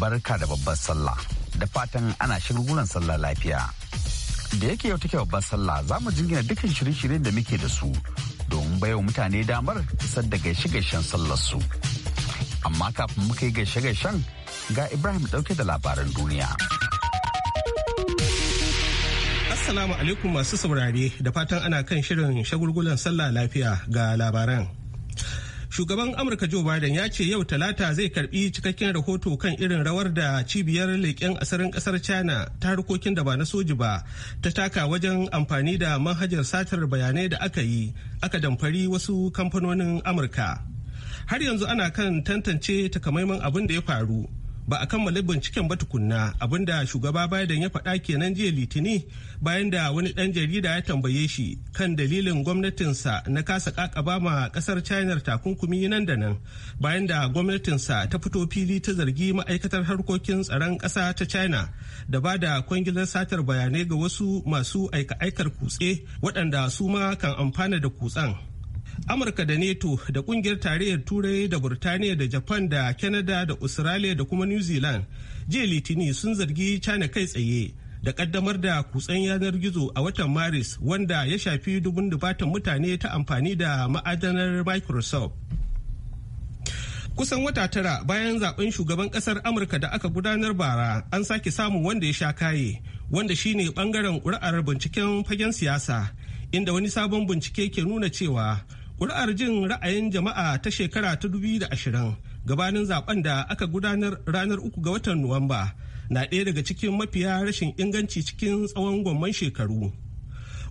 barka da babbar sallah da fatan ana shirgunan sallah lafiya da yake yau take babbar sallah za mu jingina dukkan shirye-shiryen da muke da su domin baiwa mutane damar isar da gaishe-gaishen sallar su amma kafin muka yi gaishe-gaishen ga ibrahim dauke da labaran duniya assalamu alaikum masu saurare da fatan ana kan shirin shagulgulan sallah lafiya ga labaran shugaban amurka joe biden ya ce yau talata zai karbi cikakken rahoto kan irin rawar da cibiyar leƙen asirin ƙasar china ta harkokin da ba na soji ba ta taka wajen amfani da manhajar satar bayanai da aka yi aka damfari wasu kamfanonin amurka har yanzu ana kan tantance takamaiman abin da ya faru ba a kammala binciken ba tukunna abinda shugaba Biden ya faɗa kenan jiya litini bayan da wani ɗan jarida ya tambaye shi kan dalilin gwamnatinsa na kasa kakaba ma ƙasar China takunkumi nan da nan bayan da gwamnatinsa ta fito fili ta zargi ma'aikatar harkokin tsaron ƙasa ta China da ba da kwangilar satar bayanai ga wasu masu aika-aikar kutse waɗanda su ma kan amfana da kutsen. amurka da neto da kungiyar tarayyar turai da burtaniya da japan da canada da australia da kuma new zealand jiya litini sun zargi china kai tsaye da kaddamar da kutsen yanar gizo a watan maris wanda ya shafi dubun dubatan mutane ta amfani da ma'adanar microsoft kusan wata tara bayan zaben shugaban kasar amurka da aka gudanar bara an sake samun wanda ya sha kaye wanda shine bangaren ƙuri'ar binciken fagen siyasa inda wani sabon bincike ke nuna cewa Kuri'ar jin ra'ayin jama'a ta shekara ta ashirin gabanin zaben da aka gudanar ranar uku ga watan Nuwamba na ɗaya daga cikin mafiya rashin inganci cikin tsawon gwamman shekaru.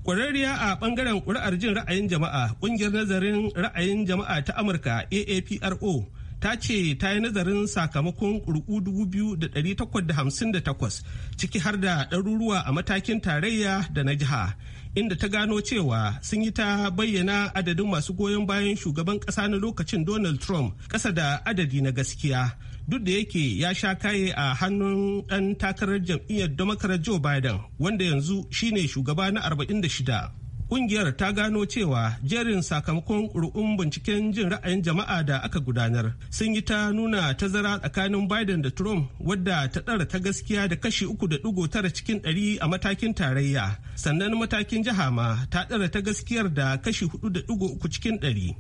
Kwararriya a ɓangaren kuri'ar jin ra'ayin jama'a ƙungiyar nazarin ra'ayin jama'a ta Amurka AAPRO ta ce ta yi nazarin sakamakon ƙuri'u 2,858 ciki har da ɗaruruwa a matakin tarayya da na jiha inda ta gano cewa sun yi ta bayyana adadin masu goyon bayan shugaban kasa na lokacin Donald Trump kasa da adadi na gaskiya. Duk da yake ya sha kaye a hannun dan takarar jam'iyyar Democrat Joe Biden wanda yanzu shine shugaba na 46. kungiyar ta gano cewa jerin sakamakon ƙuri'un binciken jin ra'ayin jama'a da aka gudanar sun yi ta nuna tazara tsakanin biden da trump wadda ta ɗara ta gaskiya da kashi uku da ɗigo tara cikin ɗari a matakin tarayya sannan matakin jiha ma ta ɗara ta gaskiyar da kashi hudu da ɗigo uku cikin ɗari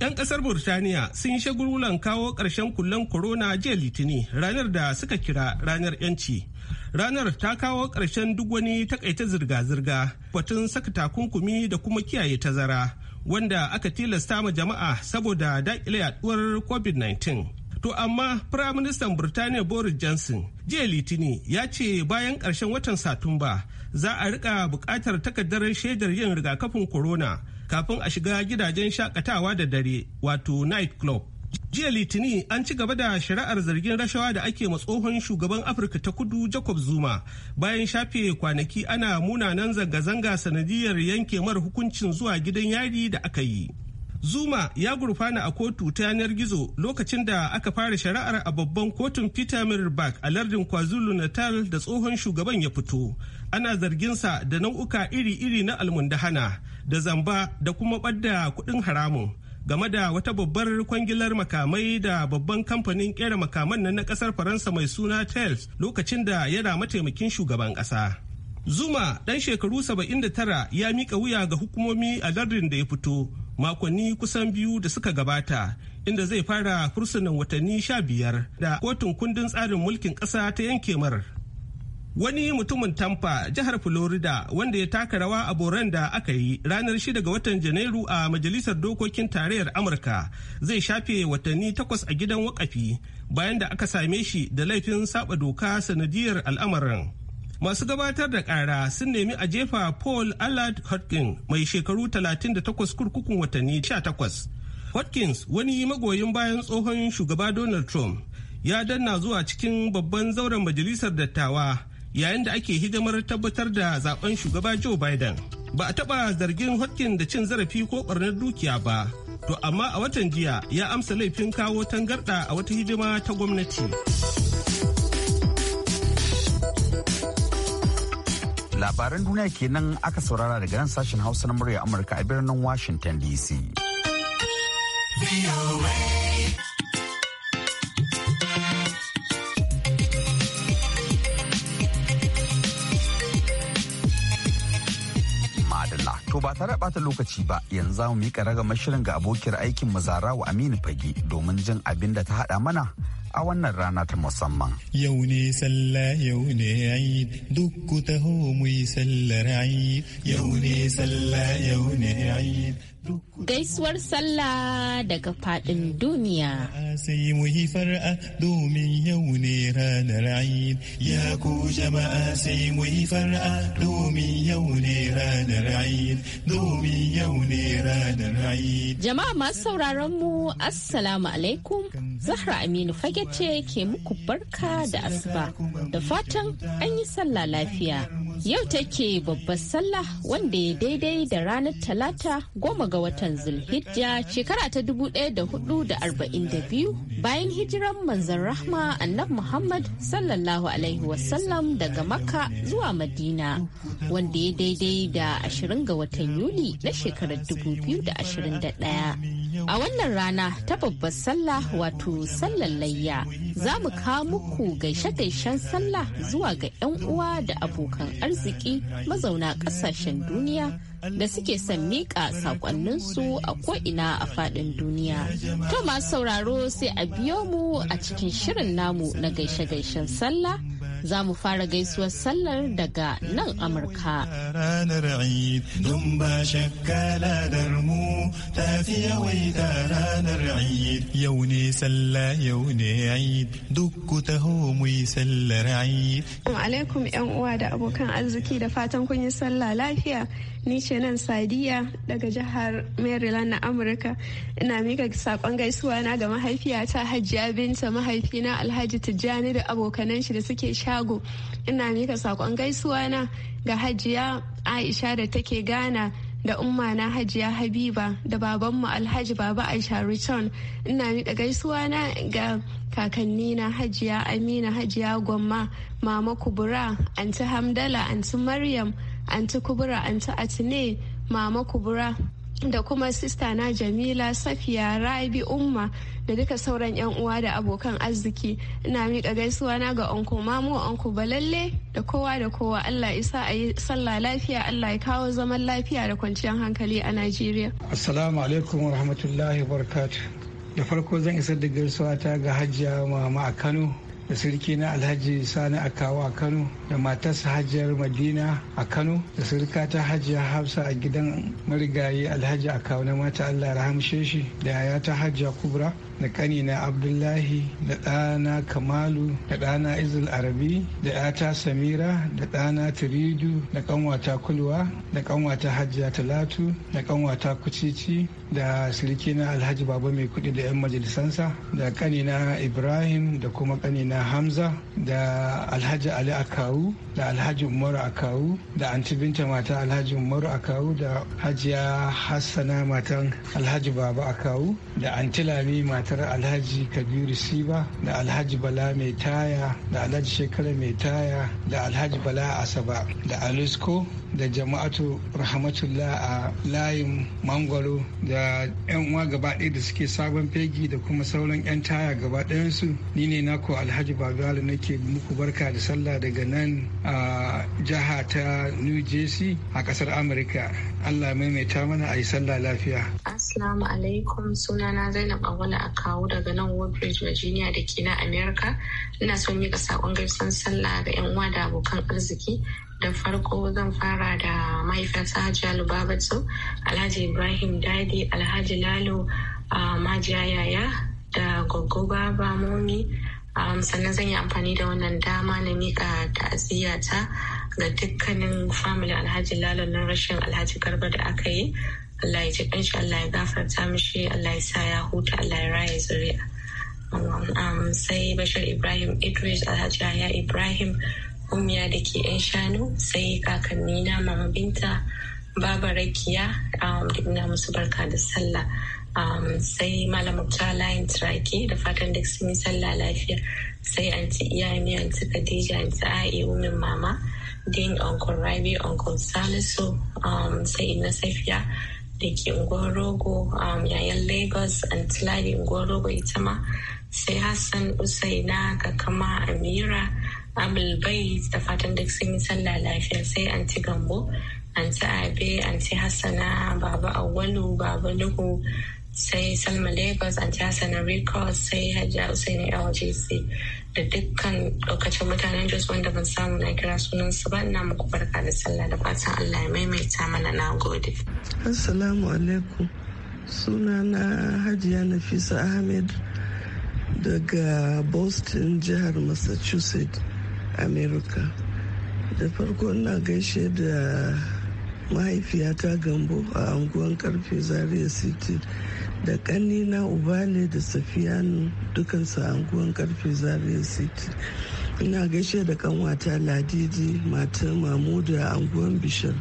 'Yan kasar Burtaniya sun yi shagululan kawo ƙarshen kullen corona jiya litini ranar da suka kira ranar 'yanci. Ranar ta kawo ƙarshen duk wani takaita zirga-zirga, batun saka takunkumi da kuma kiyaye tazara, wanda aka tilasta ma jama'a saboda dakile yaduwar COVID-19. To amma Firaministan Burtaniya Boris Johnson jiya litini ya ce bayan ƙarshen watan Satumba za a riƙa buƙatar takardar shaidar yin rigakafin corona. kafin a shiga gidajen shakatawa da dare wato night club jiya litinin an ci gaba da shari'ar zargin rashawa da ake ma tsohon shugaban afirka ta kudu jacob zuma bayan shafe kwanaki ana munanan zanga-zanga sanadiyar yanke mara hukuncin zuwa gidan yari da aka yi Zuma ya gurfana a kotu ta yanar gizo lokacin da aka fara shari'ar a babban kotun Peter mirbach a lardin KwaZulu-Natal da tsohon shugaban ya fito. Ana zarginsa da nau'uka iri-iri na almundahana da zamba da kuma ɓadda kuɗin haramun. game da wata babbar kwangilar makamai da babban kamfanin kera makaman nan na ƙasar faransa mai suna tels lokacin da yana mataimakin shugaban ƙasa. Zuma ɗan shekaru 79 ya mika wuya ga hukumomi a lardin da ya fito makonni kusan biyu da suka gabata inda zai fara fursunan watanni sha biyar da kotun kundin tsarin mulkin ƙasa ta yanke mar. Wani mutumin Tampa jihar Florida wanda ya taka rawa a boran da aka yi ranar 6 ga watan Janairu a Majalisar Dokokin Tarayyar Amurka zai shafe watanni takwas a gidan wakafi bayan da aka same shi da laifin saba doka sanadiyar al'amarin. Masu gabatar da ƙara sun nemi a jefa Paul Allard Hodgkin mai shekaru 38 kurkukun watanni 18. Hodgkins wani magoyin bayan tsohon shugaba Donald Trump ya danna zuwa cikin babban zauren majalisar dattawa yayin da ake hidimar tabbatar da zaben shugaba Joe Biden. Ba a taɓa zargin Hodgkin da cin zarafi ko ɓarnar dukiya ba, to amma a watan jiya ya amsa laifin kawo tangarɗa a wata hidima ta gwamnati. labaran duniya kenan aka saurara daga nan sashen hausa na murya amurka a birnin washington dc To ba tare bata lokaci ba yanzu za mu yi raga mashirin ga abokiyar aikin wa Aminu Fage domin jin abin da ta haɗa mana a wannan rana ta musamman. Yau ne sallah yau ne aid duk ku taho mu yi sallar aid yau ne sallah yau ne Gaisuwar sallah daga fadin duniya. Sai mu yi far'a domin yau ne ranar Eid. Ya ku jama'a sai mu yi far'a domin yau ne ranar Eid. Domin yau ne ranar Jama'a masu sauraron mu Assalamu alaikum. Zahra Aminu Fage ce ke muku barka da asuba. Da fatan an yi sallah lafiya. Yau take babbar sallah wanda ya daidai da ranar talata goma ga watan Zulhijja shekara ta da da arba'in biyu bayan hijiran manzan rahma annab Muhammad sallallahu Alaihi wasallam daga Makka zuwa Madina wanda ya daidai da 20 ga watan Yuli na shekarar 2021. A wannan rana ta babbar sallah wato sallar layya za mu kawo muku gaishe-gaishen sallah zuwa ga 'yan uwa da abokan arziki mazauna ƙasashen duniya da suke son miƙa saƙonninsu a ko'ina a faɗin duniya. To masu sauraro sai a biyo mu a cikin shirin namu na gaishe-gaishen sallah. za mu fara gaisuwar sallar daga nan Amurka. Ranar Eid, don ba shakka ladar mu ta fi yawaita ranar Eid. Yau ne sallah yau ne Eid, duk ku taho mu yi sallar Eid. Alaikum 'yan uwa da abokan arziki da fatan kun yi sallah lafiya. ni ce nan sadiya daga jihar maryland na amurka ina mika sakon gaisuwa na ga mahaifiyata hajiya binta mahaifina alhaji tijjani da abokanan shi da suke shago ina mika sakon gaisuwa na ga hajiya aisha da take gana da umma na hajiya habiba da babanmu alhaji baba aisha return ina mika gaisuwa na ga kakanni na hajiya amina hajiya gwamma mama kubura anti hamdala anti maryam anti kubura anti atine mama kubura da kuma sista na jamila safiya rabi umma da duka sauran yan uwa da abokan arziki ina miƙa gaisuwa na ga onko mamu onko balalle da kowa da kowa allah isa a yi sallah lafiya allah ya kawo zaman lafiya da kwanciyar hankali a najeriya assalamu alaikum wa rahmatullahi da farko zan isar da gaisuwa ta ga hajiya mama a kano da sarki na alhaji sani a kawo a kano da matarsa hajiyar madina a kano da sarka ta hajiya hafsa a gidan marigayi alhaji a kawo na mata allah rahamshe shi da yaya ta hajiya kubra da na abdullahi da ɗana kamalu da ɗana izil arabi da yata samira da ɗana tiridu da ƙanwata kulwa da ƙanwata hajiya talatu da ƙanwata kucici da sirikina alhaji baba mai kuɗi da 'yan majalisansa da kanina ibrahim da kuma kanina na hamza da alhaji ali akawu da alhaji umaru akawu da anti binta mata alhaji umaru akawu da hajiya hassana matan alhaji baba akawu da antilami matar alhaji kabiru siba da alhaji bala mai taya da alhaji shekara mai taya da alhaji bala asaba da alusko da jama'atu rahmatullah a layin mangwaro da yan uwa gaba ɗaya da suke sabon fegi da kuma sauran yan taya gaba ɗayansu ni ne nako alhaji babalu nake muku barka da sallah daga nan a jiha ta new jersey a ƙasar amurka Allah maimaita mana a yi sallah lafiya. Assalamu alaikum sunana Zainab Awala a kawo daga nan Woodbridge, Virginia da ke na Amerika. Ina son mika saƙon gaisan sallah ga 'yan uwa da abokan arziki. Da farko zan fara da mahaifiyata Hajiya Lubabatu, Alhaji Ibrahim Dadi, Alhaji Lalo, Majiya Yaya da Goggo Baba Momi. sannan zan yi amfani da wannan dama na miƙa ta'aziyyata ta ga dukkanin famili alhaji lalo na rashin alhaji garba da aka yi allah ya ji ƙanshi allah ya gafarta mishi allah ya sa ya huta allah ya raya zuri'a sai bashir ibrahim idris alhaji ya ibrahim umiya da ke yan shanu sai kakanni na mama binta baba rakiya duk um, na musu barka da sallah um, sai malam ta layin turaki da fatan da sun yi sallah lafiya sai anti iyamiya anti khadija anti a'i umin mama din uncle rabi uncle salisu um, sai na safiya da ke um, Yaya lagos and tiladi Ngorogo ita ma sai hassan usaina kakama amira Bay, da fatan da Sala, Life, sallah lafiya sai anti gambo anti abe anti hassana baba awalu baba nuhu sai salma lagos jasa na records sai hajja usaini lgc da dukkan lokacin mutanen jos wanda ban samu na kira sunan su ba ina muku barka da sallah da fatan allah ya maimaita mana na gode assalamu alaikum suna na hajiya nafisa ahmed daga boston jihar massachusetts america da farko na gaishe da mahaifiyata gambo a unguwan karfe zaria city da kanina ne da safiyanu dukansu a anguwan karfe zaria city ina gaishe da kanwata ladidi matar mamuda a anguwan bishar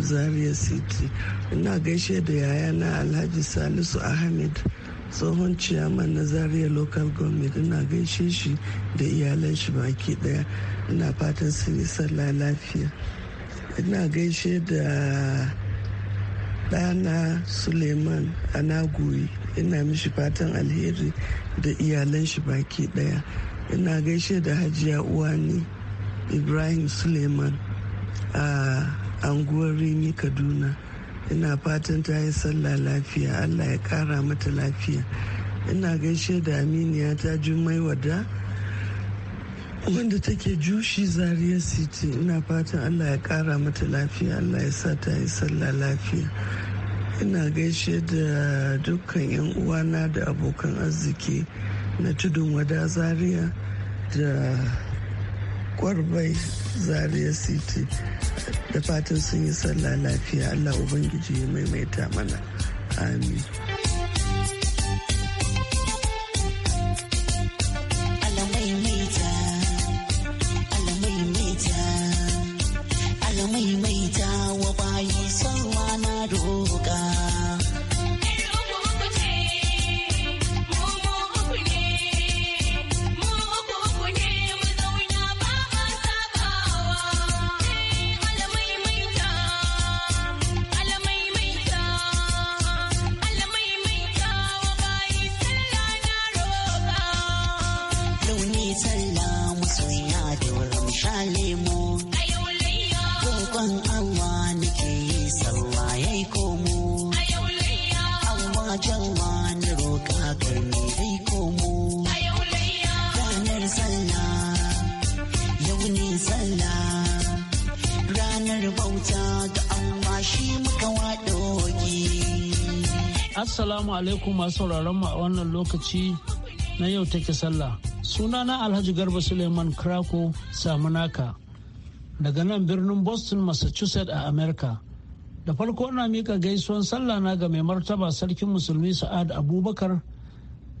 zaria city ina gaishe da yayana alhaji salisu ahmed tsohon ciyaman na zaria local government ina gaishe shi da iyalan shi baki daya ina fatan sun yi sallah lafiya ina gaishe da ɗana suleiman anagoyi ina mishi fatan alheri da iyalan shi baki ɗaya ina gaishe da hajiya uwani ibrahim suleiman a anguwar rimi kaduna ina fatan ta yi sallah lafiya allah ya kara mata lafiya ina gaishe da aminiya ta jummai wada wanda take jushi zaria city ina fatan allah ya kara mata lafiya allah ya sa ta yi sallah lafiya ina gaishe da dukkan yan uwana da abokan arziki na tudun wada zaria da kwarbai zaria city da fatan sun yi sallah lafiya allah ubangiji ya maimaita mana amin Assalamu alaikum masu sauraron a wannan lokaci na yau take sallah. Sunana Alhaji Garba Suleiman Krako Samunaka daga nan birnin Boston, Massachusetts a Amerika. Da farko na mika gaisuwan sallah na ga mai martaba sarkin musulmi Sa'ad Abubakar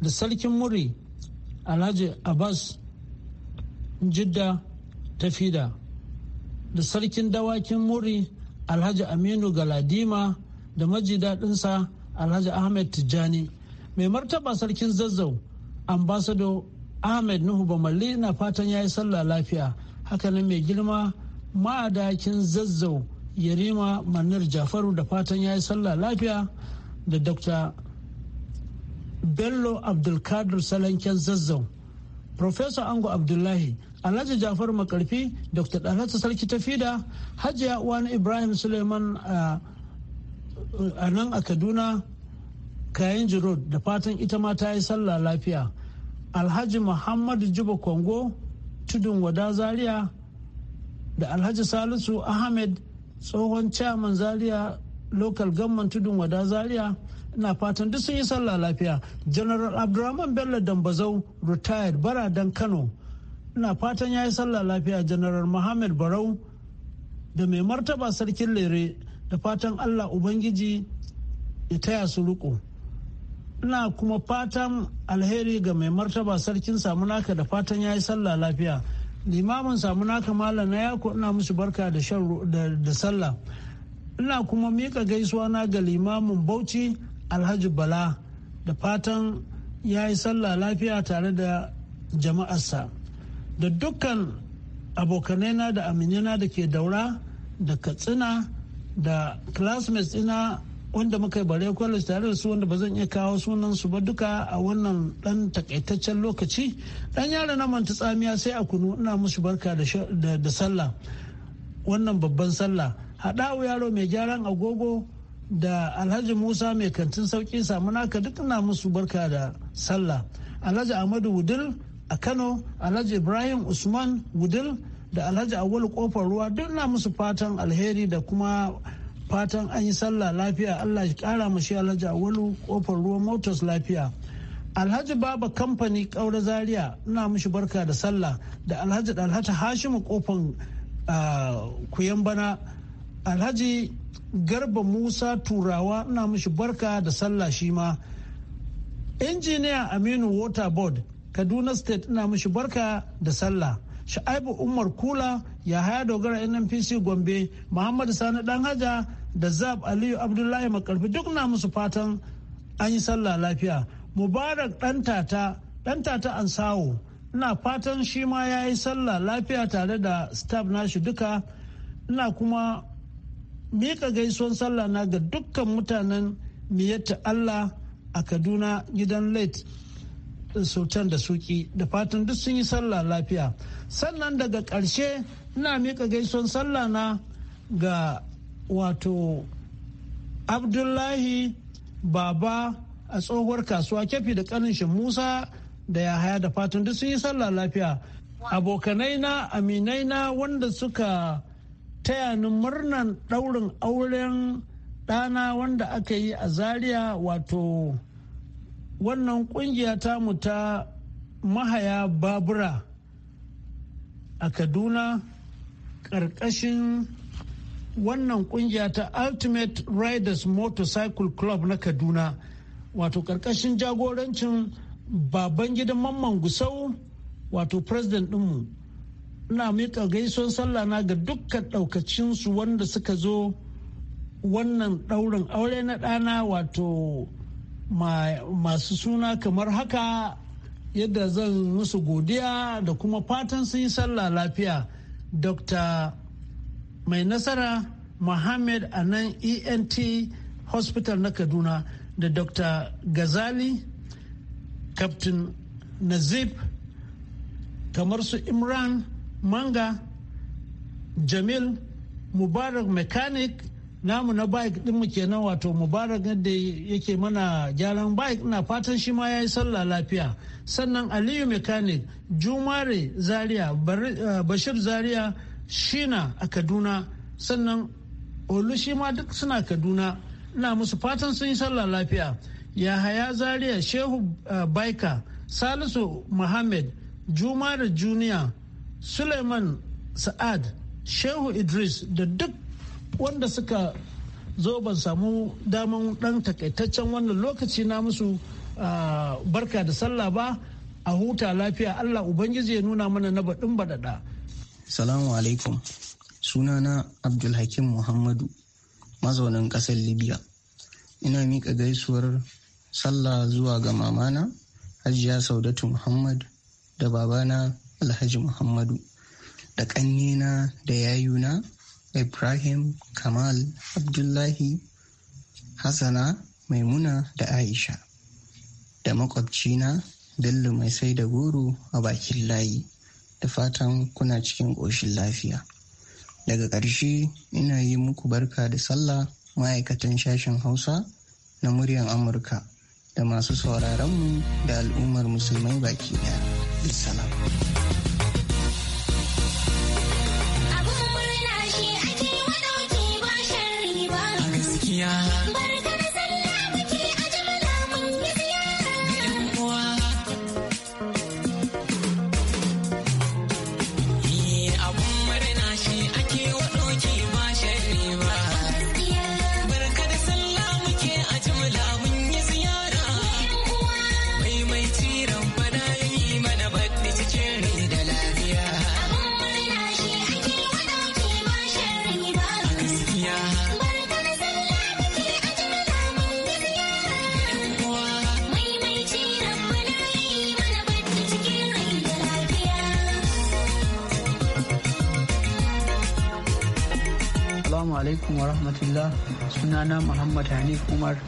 da sarkin muri Alhaji Abbas Jidda Tafida da sarkin dawakin muri Alhaji Aminu Galadima da maji daɗinsa alhaji ahmed tijjani mai martaba sarkin zazzau ambasado ahmed nuhu bamalli na fatan ya yi sallah lafiya hakanan mai girma ma'adakin zazzau yarima manar jafaru da fatan ya yi sallah lafiya da dr bello abdulkadir salanken zazzau professor ango abdullahi alhaji jafaru makarfi dr dalhatu sarki tafida hajiya uwan ibrahim suleiman a nan a kaduna kayan road da fatan ita ma ta yi sallah lafiya alhaji muhammadu juba kongo tudun wada zaria da alhaji salisu ahmed tsohon chairman zaria local government tudun wada zaria ina fatan duk sun yi sallah lafiya general abdurrahman bello dambazau retired dan kano ina fatan ya yi sallah lafiya general muhammad barau da mai martaba sarkin lere da fatan allah ubangiji ya taya su riko ina kuma fatan alheri ga mai martaba sarkin samunaka da fatan ya yi sallah lafiya limamin samunaka malam na yako ina musu barka da sallah ina kuma mika gaisuwa na ga limamin bauchi alhaji bala da fatan ya yi sallah lafiya tare da jama'arsa da dukkan abokanaina da aminina da ke daura da katsina da classmates ina wanda muka yi bare kwalis tare da su wanda ba zan iya kawo sunan su ba duka a wannan dan takaitaccen lokaci dan yaro na manta tsamiya sai a kunu ina musu barka da sallah wannan babban sallah haɗawu yaro mai gyaran agogo da alhaji musa mai kantin sauki samu naka duk ina musu barka da sallah alhaji ahmadu wudil a kano alhaji ibrahim usman wudil da alhaji awal kofar ruwa duk ina musu fatan alheri da kuma fatan an yi sallah lafiya allah ya kara mashi alhaji awalu kofar ruwan motors lafiya alhaji baba kamfani kaura zaria ina mishi barka da sallah da alhaji dalhata hashimu kofan ah, kuyan bana alhaji garba musa turawa ina mishi barka da sallah shi ma injiniya aminu water board kaduna state ina mishi barka da sallah sha'aibu umar kula ya haya dogara nnpc gombe muhammadu sani dan haja da zab aliyu abdullahi makarfi duk na musu fatan an yi sallah lafiya mubarak ɗan tata an sawo ina fatan shi ma ya yi sallah lafiya tare da staff nashi duka ina kuma miƙa gaisuwan sallah na ga dukkan mutanen miyatta allah a kaduna gidan late eh, sultan da suki da fatan duk sun yi sallah lafiya sannan daga ƙarshe ina mika gaisuwan sallah na ga wato abdullahi baba a tsohuwar kasuwa kefi da kanin shi musa da ya haya da fatan duk sun yi sallah lafiya abokanai na aminai na wanda suka taya ni murnan daurin auren ɗana wanda aka yi a zaria wato wannan kungiya mu ta mahaya babura a kaduna karkashin. wannan kungiya ta ultimate riders motorcycle club na kaduna wato karkashin jagorancin baban gidan mamman gusau wato president dinmu ina miƙa gaison sallah na ga dukkan ɗaukacinsu wanda suka zo wannan ɗaurin aure na ɗana wato masu suna kamar haka yadda zan musu godiya da kuma fatan sun yi sallah lafiya dr mai nasara Mohammed a nan ent hospital na kaduna da dr gazali captain nazib kamar su imran manga jamil mubarak mechanic namu na bike dinmu kenan wato mubarak yadda yake mana gyaran bike na fatan shi ma ya yi sallah lafiya sannan aliyu mechanic jumare zaria eh, bashir zaria shina a kaduna sannan olu shi ma duk suna kaduna na musu fatan sun yi sallah lafiya yahaya zaria shehu uh, baika salisu muhammad juma da juniya suleiman sa'ad shehu idris da duk wanda suka zo ban samu daman dan takaitaccen wannan lokaci na musu uh, barka da sallah ba a huta lafiya allah ubangiji ya nuna mana na baɗin baɗaɗa Salamu alaikum. Sunana Abdulhakim Muhammadu, mazaunin ƙasar Libya. Ina miƙa gaisuwar sallah zuwa ga mamana, Hajiya Saudatu Muhammad da babana Alhaji Muhammadu, da ƙannena da yayuna Ibrahim Kamal Abdullahi Hassana Maimuna da Aisha, da makwabcina Bello mai sai da goro a bakin layi. da fatan kuna cikin ƙoshin lafiya. Daga ƙarshe ina yi muku barka da sallah ma'aikatan shashin Hausa na muryar Amurka da masu sauraronmu da al'ummar musulmai baki ɗaya. Bisalam. sunana muhammad hanif umar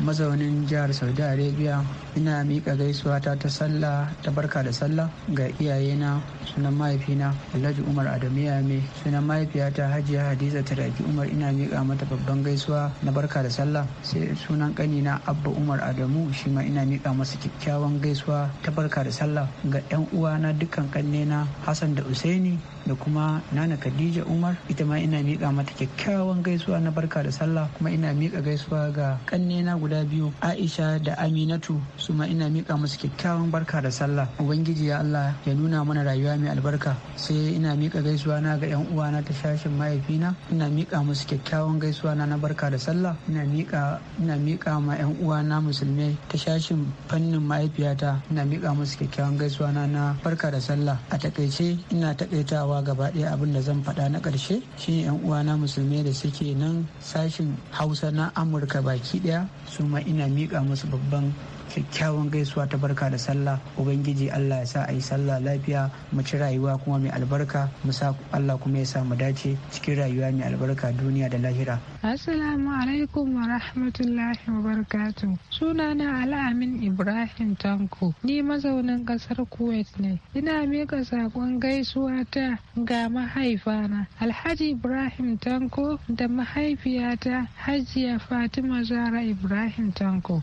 mazaunin jihar saudi arabia ina mika gaisuwa ta ta sallah ta barka da sallah ga iyayena sunan mahaifina alhaji umar adamu yame sunan mahaifiyata hajiya hadiza raki umar ina mika mata babban gaisuwa na barka da sallah sai sunan ƙanina abba umar adamu shi ma ina mika masa kyakkyawan gaisuwa ta barka da sallah ga yan na dukkan ƙannena hassan da usaini da kuma nana khadija umar ita ma ina miƙa mata kyakkyawan gaisuwa na barka da sallah kuma ina miƙa gaisuwa ga kannena guda biyu aisha da aminatu su ma ina miƙa musu kyakkyawan barka da sallah ubangiji ya allah ya nuna mana rayuwa mai albarka sai ina miƙa gaisuwa na ga yan uwana ta shashin mahaifina ina miƙa musu kyakkyawan gaisuwa na na barka da sallah ina miƙa ina miƙa ma yan uwana musulmai ta shashin fannin mahaifiyata ina miƙa musu kyakkyawan gaisuwa na na barka da sallah a takaice ina takaitawa dawowa gaba ɗaya abin da zan faɗa na ƙarshe shine yan uwana musulmai da suke nan sashin hausa na amurka baki ɗaya su ma ina miƙa musu babban kyakkyawan gaisuwa ta barka da sallah ubangiji allah ya sa a yi sallah lafiya mu ci rayuwa kuma mai albarka mu sa allah kuma ya sa mu dace cikin rayuwa mai albarka duniya da lahira assalamu alaikum wa rahmatullahi wa suna sunana al'amin ibrahim tanko ni mazaunin kasar kuwait ne ina mika sakon gaisuwa ta ga mahaifana alhaji ibrahim tanko da mahaifiyata hajiya fatima zara ibrahim tanko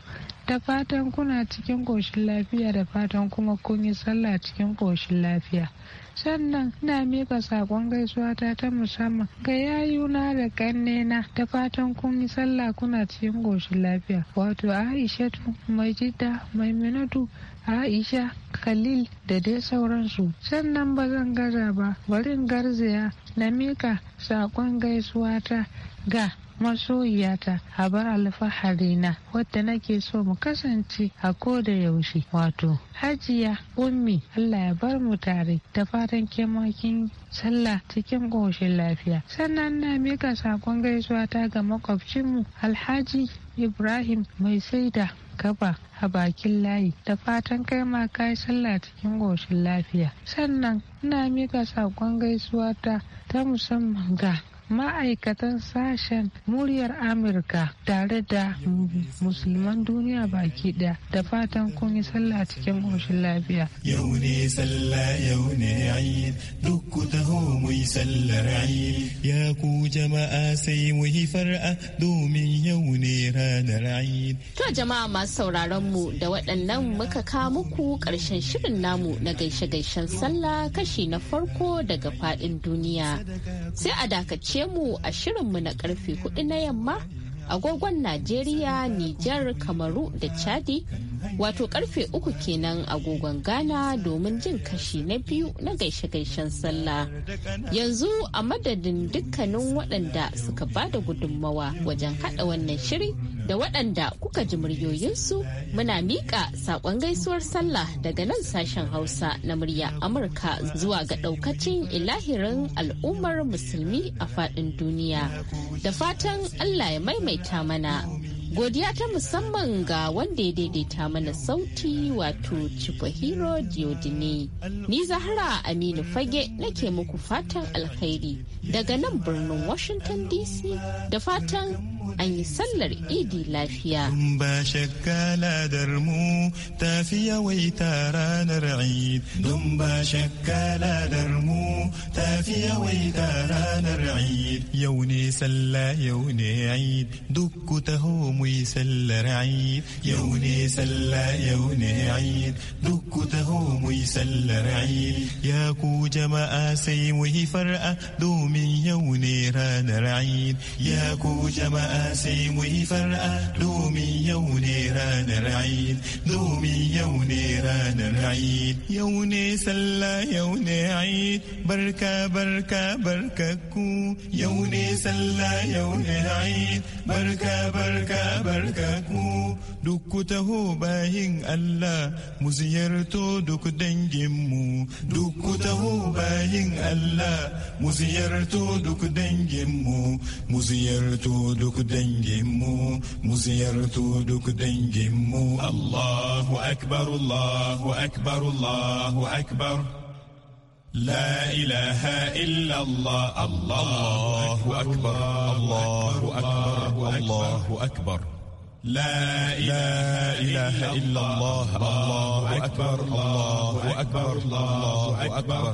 da fatan kuna cikin ƙoshin lafiya da fatan kuma kun yi sallah cikin koshin lafiya sannan na mika saƙon gaisuwa ta ta musamman ga yayuna da ƙannena da fatan kun yi sallah kuna cikin koshin lafiya wato aishatu mai minatu aisha khalil da dai sauransu sannan ba zan gaza ba barin garzaya na mika saƙon gaisuwa ta ga masoyiyata bar alfaharina wadda nake so mu kasance a ko da yaushe wato hajiya ummi allah ya bar mu tare ta fatan kemakin sallah cikin ƙoshin lafiya sannan na mika sakon gaisuwa ta ga makwabcinmu alhaji ibrahim mai saida gaba a bakin layi da fatan kai ma kai sallah cikin ƙoshin lafiya sannan na mika sakon gaisuwa ta musamman ga ma'aikatan sashen muryar amurka tare da musulman duniya baki ɗaya da fatan kun yi sallah cikin ƙoshin lafiya yau ne sallah yau ne duk ku taho sallar ya ku jama'a sai mu yi far'a domin yau ne ranar ayin to jama'a masu sauraron mu da waɗannan muka ka muku ƙarshen shirin namu na gaishe-gaishen sallah kashi na farko daga faɗin duniya sai a dakace mu a shirinmu na karfe kudi na yamma agogon Najeriya, Nijar, Kamaru da Chadi wato karfe uku kenan agogon Ghana domin jin kashi na biyu na gaishe-gaishen sallah. Yanzu a madadin dukkanin waɗanda suka ba da gudunmawa wajen haɗa wannan shiri da waɗanda kuka ji muryoyinsu muna miƙa saƙon gaisuwar sallah daga nan sashen hausa na murya amurka zuwa ga ɗaukacin ilahirin al'ummar musulmi a faɗin duniya da fatan allah ya maimaita mana Godiya ta musamman ga wanda ya daidaita mana sauti wato Chibahiro Diodine. Ni Zahra Aminu Fage nake muku fatan alkhairi daga nan birnin Washington DC da fatan an yi sallar idi lafiya. ba shakka ladar mu ta fi yawaita ranar Eid. Dun ba shakka ladar mu ta fi yawaita ranar Eid. Yau ne sallah yau ne Eid duk ku taho mu yi sallar Eid. Yau ne sallah yau ne Eid duk ku taho mu yi sallar Eid. Ya ku jama'a sai mu yi far'a domin yau ne ranar Eid. Ya ku jama'a sai mu yi fara'a domin yau ne ranar Eid domin yau ne ranar Eid yau ne sallah yau ne Eid barka barka barka ku yau ne sallah yau ne Eid barka barka barka ku duk ku taho bayin Allah mu ziyarto duk dangin mu. duk ku taho bayin Allah mu ziyarto duk danginmu mu ziyarto duk duk danginmu mu ziyartu الله أكبر Allahu akbar Allahu لا إله إلا الله الله أكبر الله أكبر الله أكبر لا إله إلا الله الله أكبر الله أكبر الله أكبر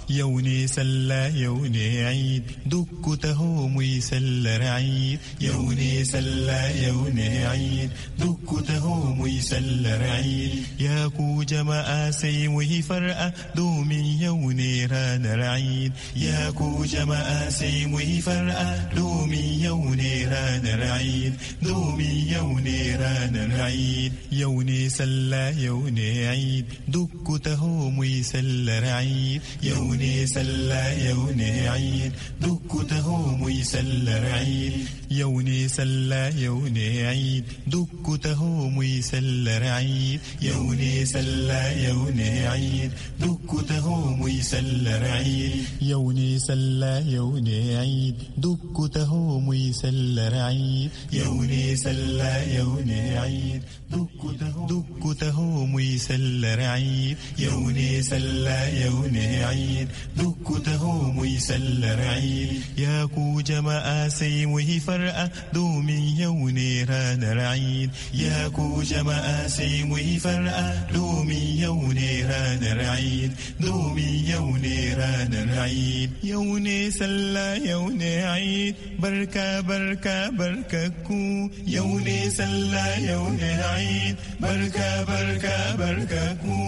يوني سلا يوني عيد دك تهوم يسل رعيد يوني سلا يوني عيد دك تهوم يسل رعيد يا كو جما سيمه فرأة دومي يوني ران رعيد يا كو جما سيمه فرأة دومي يوني ران رعيد دومي يوني ران رعيد يوني سلا يوني عيد دك تهوم يسل رعيد يوني يوني سلا يوني عيد دكو تهومو يسلا عيد يوني سلا يوني عيد دكو تهومو يسلا عيد يوني سلا يوني عيد دكو تهومو يسلا عيد يوني سلا يوني عيد دكو تهومو يسلا عيد يوني سلا يوني عيد دكو تهومو يسلا عيد يوني سلا يوني عيد Eid duk ku taho mu yi sallar Eid ya ku jama'a sai mu yi far'a domin yau ne ranar Eid ya ku jama'a sai mu yi far'a domin yau ne ranar Eid domin yau ne ranar Eid yau ne sallah yau ne Eid barka barka barka ku yau ne sallah yau ne Eid barka barka barka ku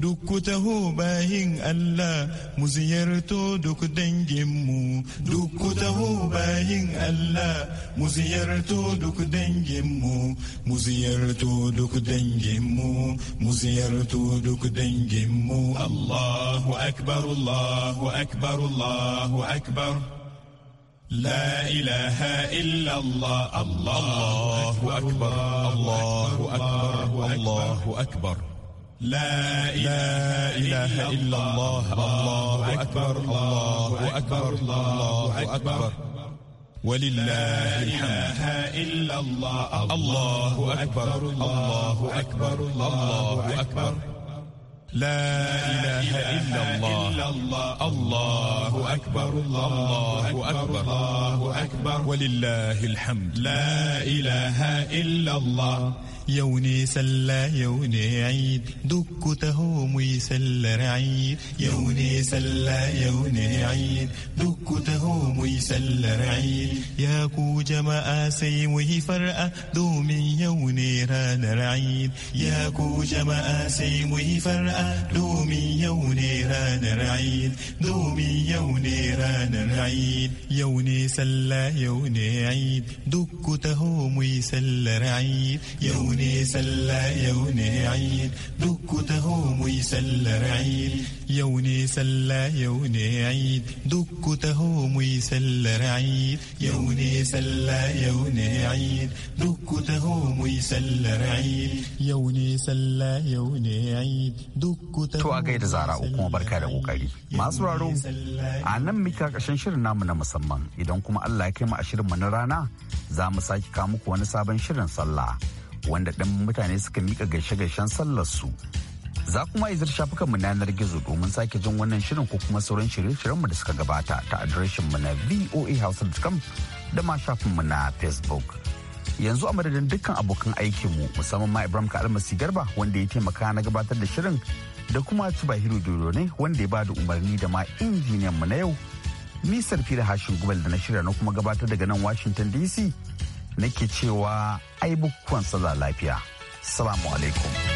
dukku ku taho bayin Allah mu ziyarto duk danginmu duk ku taho bayin Allah mu ziyarto duk danginmu mu ziyarto duk danginmu mu ziyarto duk danginmu Allahu akbar Allahu akbar Allahu akbar لا إله إلا الله الله أكبر الله أكبر الله أكبر, الله أكبر. لا إله إلا الله الله أكبر الله أكبر الله أكبر ولله الحمد إلا الله الله أكبر الله أكبر الله أكبر لا إله إلا الله الله أكبر الله أكبر الله أكبر ولله الحمد لا إله إلا الله يوني سلا يوني عيد دك تهو مي سلا رعيد يوني سلا يوني عيد دك تهو مي سلا رعيد يا كو جما سي مي فرأ دومي يوني ران رعيد يا كو جما سي مي فرأ دومي يوني ران رعيد دومي يوني ران رعيد يوني سلا يوني عيد دك تهو مي سلا رعيد يوني ne sallah yau ne ayin duk ku taho mu yi sallar ayin yau ne sallah yau ne ayin duk ku taho mu yi sallar ayin yau ne sallah yau ne ayin duk ku taho mu yi sallar ayin yau ne sallah yau ne ayin duk ku taho to a gaida zara kuma barka da kokari masu raro a nan muke shirin namu na musamman idan kuma Allah ya kai mu a shirin mu na rana za mu sake kawo muku wani sabon shirin sallah wanda ɗan mutane suka miƙa gaishe-gaishen sallarsu. Za kuma izar shafukan na yanar gizo domin sake jin wannan shirin ko kuma sauran shirye-shiryenmu da suka gabata ta mu na voahouse.com da ma shafinmu na Facebook. yanzu a madadin dukkan abokan aikin mu musamman ma Ibrahim almasi Garba wanda ya taimaka na gabatar da shirin da kuma Tubahiro Dodo ne wanda ya bada umarni da ma injiniyan mu na yau. Nisar fila hashin gubal da na shirya na kuma gabatar daga nan Washington DC nake cewa ai bukukuwan sallah lafiya. Salamu alaikum.